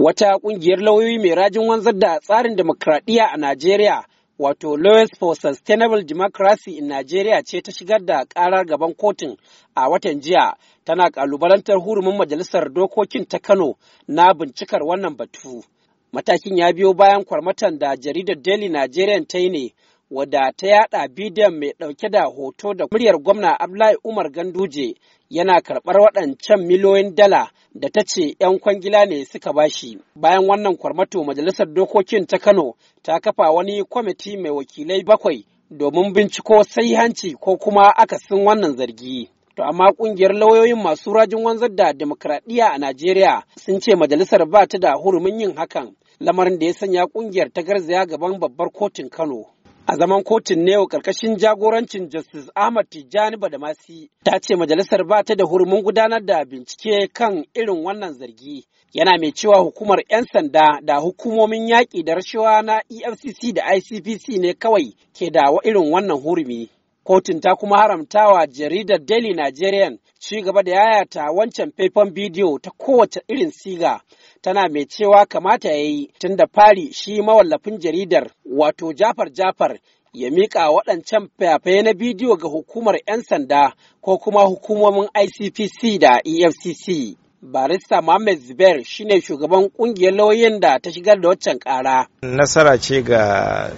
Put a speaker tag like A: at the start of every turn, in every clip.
A: Wata kungiyar lauyoyi mai rajin wanzar da tsarin demokradiyya a Najeriya, wato Lawyers for Sustainable Democracy in Nigeria ce ta shigar da karar gaban kotun a watan jiya, tana kalubalantar hurumin majalisar dokokin ta Kano na bincikar wannan batu. Matakin ya biyo bayan kwarmatan da jaridar Daily Nigerian ta yi ne wadda ta yada bidiyon mai dauke da hoto da muryar gwamna Abdullahi Umar Ganduje yana karɓar waɗancan miliyoyin dala da ta ce 'yan kwangila ne suka bashi. Bayan wannan kwarmato majalisar dokokin ta Kano ta kafa wani kwamiti mai wakilai bakwai domin binciko sai hanci ko kuma akasin wannan zargi. To amma kungiyar lauyoyin masu rajin wanzar da demokradiyya a Najeriya sun ce majalisar ba ta da hurumin yin hakan, lamarin da ya sanya kungiyar ta garzaya gaban babbar kotun Kano. A zaman kotun ne karkashin jagorancin Justice Ahmad Tijjani Badamasi ta ce majalisar ba ta da hurumin gudanar da bincike kan irin wannan zargi. Yana mai cewa hukumar 'yan sanda da hukumomin yaƙi da rashawa na EFCC da ICPC ne kawai ke da irin wannan hurumi. Kotun ta kuma haramtawa jaridar Daily Nigerian ci gaba da yayata wancan faifan bidiyo ta kowace irin siga tana mai cewa kamata ya yi tun da fari shi mawallafin jaridar wato Jafar Jafar ya mika waɗancan fayafaye na bidiyo ga hukumar 'yan sanda ko kuma hukumomin ICPC da EFCC. barista Mohammed Zubair shine shugaban ƙungiyar lauyoyin da ta shigar da waccan ƙara.
B: Nasara ce ga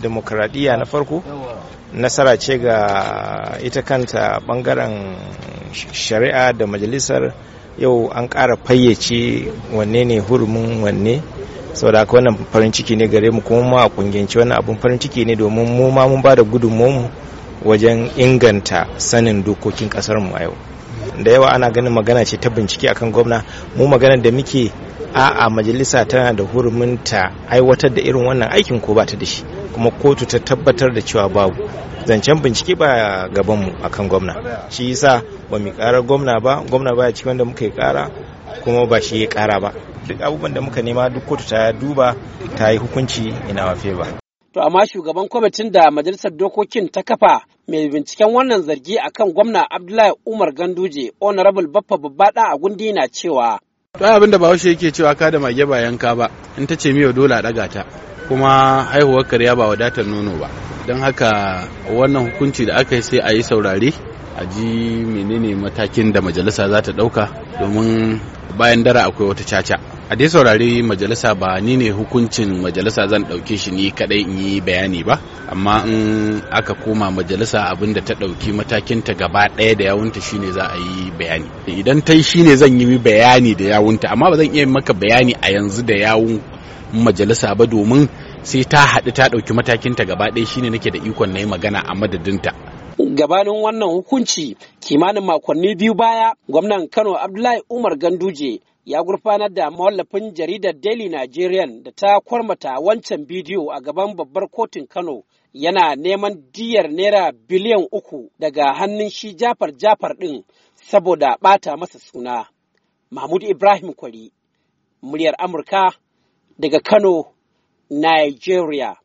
B: demokradiyya na farko nasara ce ga ita kanta bangaren shari'a da majalisar yau an ƙara fayyace wanne ne hurumin wanne saboda haka wannan farin ciki ne gare mu kuma a kungiyance wannan abun farin ciki ne domin mu ma mun ba da gudunmu wajen inganta sanin dokokin kasar mu a yau da yawa ana ganin magana ce ta bincike akan gwamna mu magana da muke a'a majalisa tana da hurumin ta aiwatar da irin wannan aikin ko ba ta da shi kuma kotu ta tabbatar da cewa babu zancen bincike ba gabanmu akan gwamna shi yasa ba mu karar gwamna ba gwamna ba cikin wanda muka yi kara kuma ba shi ya kara ba duk abubuwan da muka nema duk kotu ta duba ta yi hukunci ina wafe ba
A: to amma shugaban kwamitin da majalisar dokokin ta kafa mai binciken wannan zargi akan gwamna abdullahi umar ganduje honorable baffa babba a gundi na cewa
C: to abin da bahaushe yake cewa ka da mage ba yanka ba in ta ce miyo dole a daga ta kuma haihuwar karya ba wadatar nono ba don haka wannan hukunci da aka yi sai a yi saurari a ji menene matakin da majalisa za ta ɗauka domin bayan dara akwai wata caca a dai saurari majalisa ba ni ne hukuncin majalisa zan ɗauke shi ni kaɗai in yi bayani ba amma in aka koma majalisa abin da ta ɗauki matakinta gaba ɗaya da yawunta shine za a yi bayani idan ta shine zan yi bayani da yawunta amma ba zan iya maka bayani a yanzu da yawun majalisa ba domin sai ta haɗu ta ɗauki matakinta gaba ɗaya shine nake da ikon na yi magana a madadinta.
A: gabanin wannan hukunci kimanin makonni biyu baya gwamnan kano abdullahi umar ganduje ya gurfanar da mawallafin jaridar daily nigerian da ta kwarmata wancan bidiyo a gaban babbar kotun kano yana neman diyar naira biliyan uku daga hannun shi jafar jafar ɗin saboda ɓata masa suna mahmud ibrahim kwari muryar amurka daga Kano, Nigeria.